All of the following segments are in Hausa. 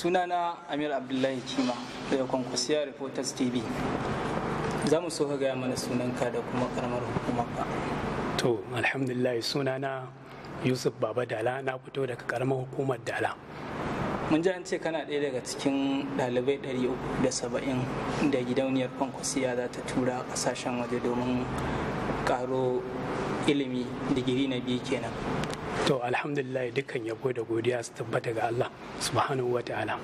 sunana amir abdullahi kima daga kwankwasiya reporters tv za mu so gaya mana sunanka da kuma karamar hukumarka to alhamdulillah sunana yusuf baba dala na fito daga karamar hukumar dala mun ji an ce kana ɗaya daga cikin ɗalibai 370 da saba'in da gidauniyar kwankwasiya za ta tura ƙasashen waje domin ƙaro ilimi digiri na biyu kenan to alhamdulillah dukkan yabo da godiya su tabbata ga Allah subhanahu wa ta'ala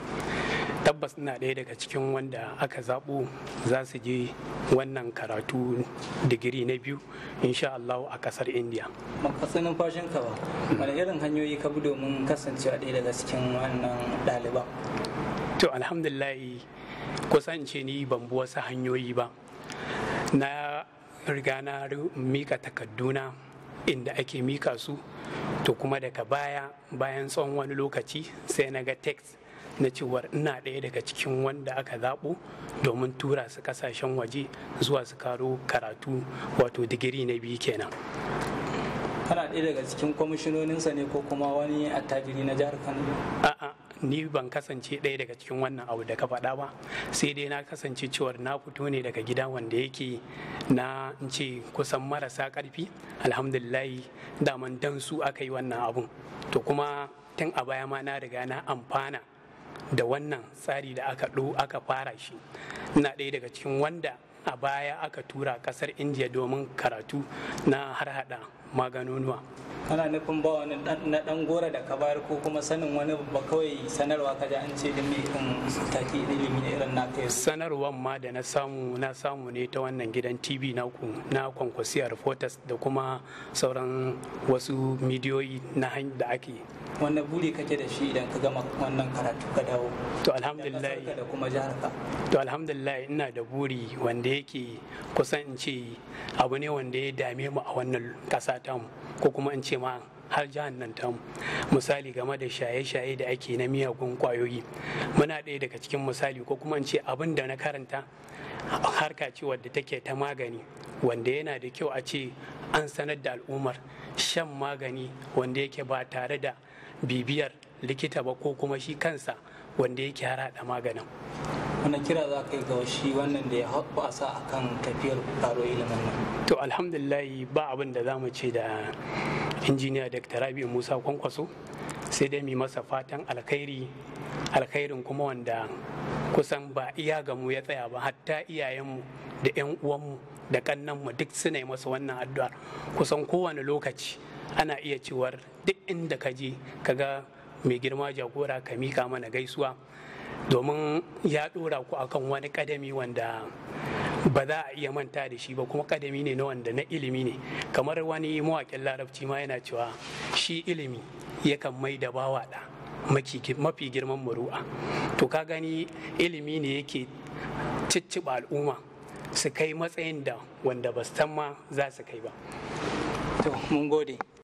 tabbas ina ɗaya daga cikin wanda aka zaɓo za su je wannan karatu digiri na biyu insha Allah a ƙasar india makasinin fashin ka ba wani irin hanyoyi ka bi domin kasancewa ɗaya daga cikin wannan ɗaliban to alhamdulillah kusance ni ban bi wasu hanyoyi ba na riga na mika takadduna inda ake mika su to kuma daga baya bayan tsawon wani lokaci sai na ga text na cewar ina ɗaya daga cikin wanda aka zaɓo domin tura su kasashen waje zuwa su karo karatu wato digiri na biyu kenan kana ɗaya daga cikin kwamishinoninsa ne ko kuma wani attajiri na jihar kano ni ban kasance ɗaya daga cikin wannan abu da ka faɗa ba sai dai na kasance cewar na fito ne daga gida wanda yake na ce kusan marasa ƙarfi alhamdulillahi daman dan su aka yi wannan abun to kuma tun a baya ma na riga na amfana da wannan tsari da aka ɗo aka fara shi na ɗaya daga cikin wanda a baya aka tura ƙasar indiya domin karatu na harhaɗa maganonuwa kana nufin ba wani na dan gora da ka bayar ko kuma sanin wani ba kawai sanarwa ka ji an ce da me in taki ilimi ne irin naka yau sanarwar ma da na samu na samu ne ta wannan gidan TV na ku na kwankwasiya reporters da kuma sauran wasu midiyoyi na da ake wanda buri kake da shi idan ka gama wannan karatu ka dawo to alhamdulillah da kuma jihar ka. to alhamdulillah ina da buri wanda yake kusan in ce abu ne wanda ya dame mu a wannan kasa tamu ko kuma in ce ma har jihar nan tamu misali game da shaye-shaye da ake na miyagun kwayoyi muna ɗaya daga cikin misali ko kuma in ce abin da na karanta harka ce wadda take ta magani wanda yana da kyau a ce an sanar da al'ummar shan magani wanda yake ba tare da bibiyar likita ba ko kuma shi kansa wanda yake har maganin wani kira za ka yi ga shi wannan da ya haɓasa a kan tafiyar taro ilimin nan to alhamdulillah ba abin da za mu ce da injiniya dr Rabi musa kwankwaso sai dai mu masa fatan alkhairi alkhairin kuma wanda kusan ba iya ga mu ya tsaya ba hatta iyayenmu da 'yan uwanmu da kannanmu duk suna yi masa wannan addu'ar kusan kowane lokaci ana iya cewar duk inda ka je ka ga mai girma jagora ka mika mana gaisuwa domin ya ɗora ku akan wani ƙadami wanda ba za a iya manta da shi ba kuma kadami ne na wanda na ilimi ne kamar wani mawakin larabci ma yana cewa shi ilimi yakan mai da bawa ɗa mafi girman muru'a to ka gani ilimi ne yake cicciɓa al'umma su kai matsayin da wanda ba san ma za su kai ba to mun gode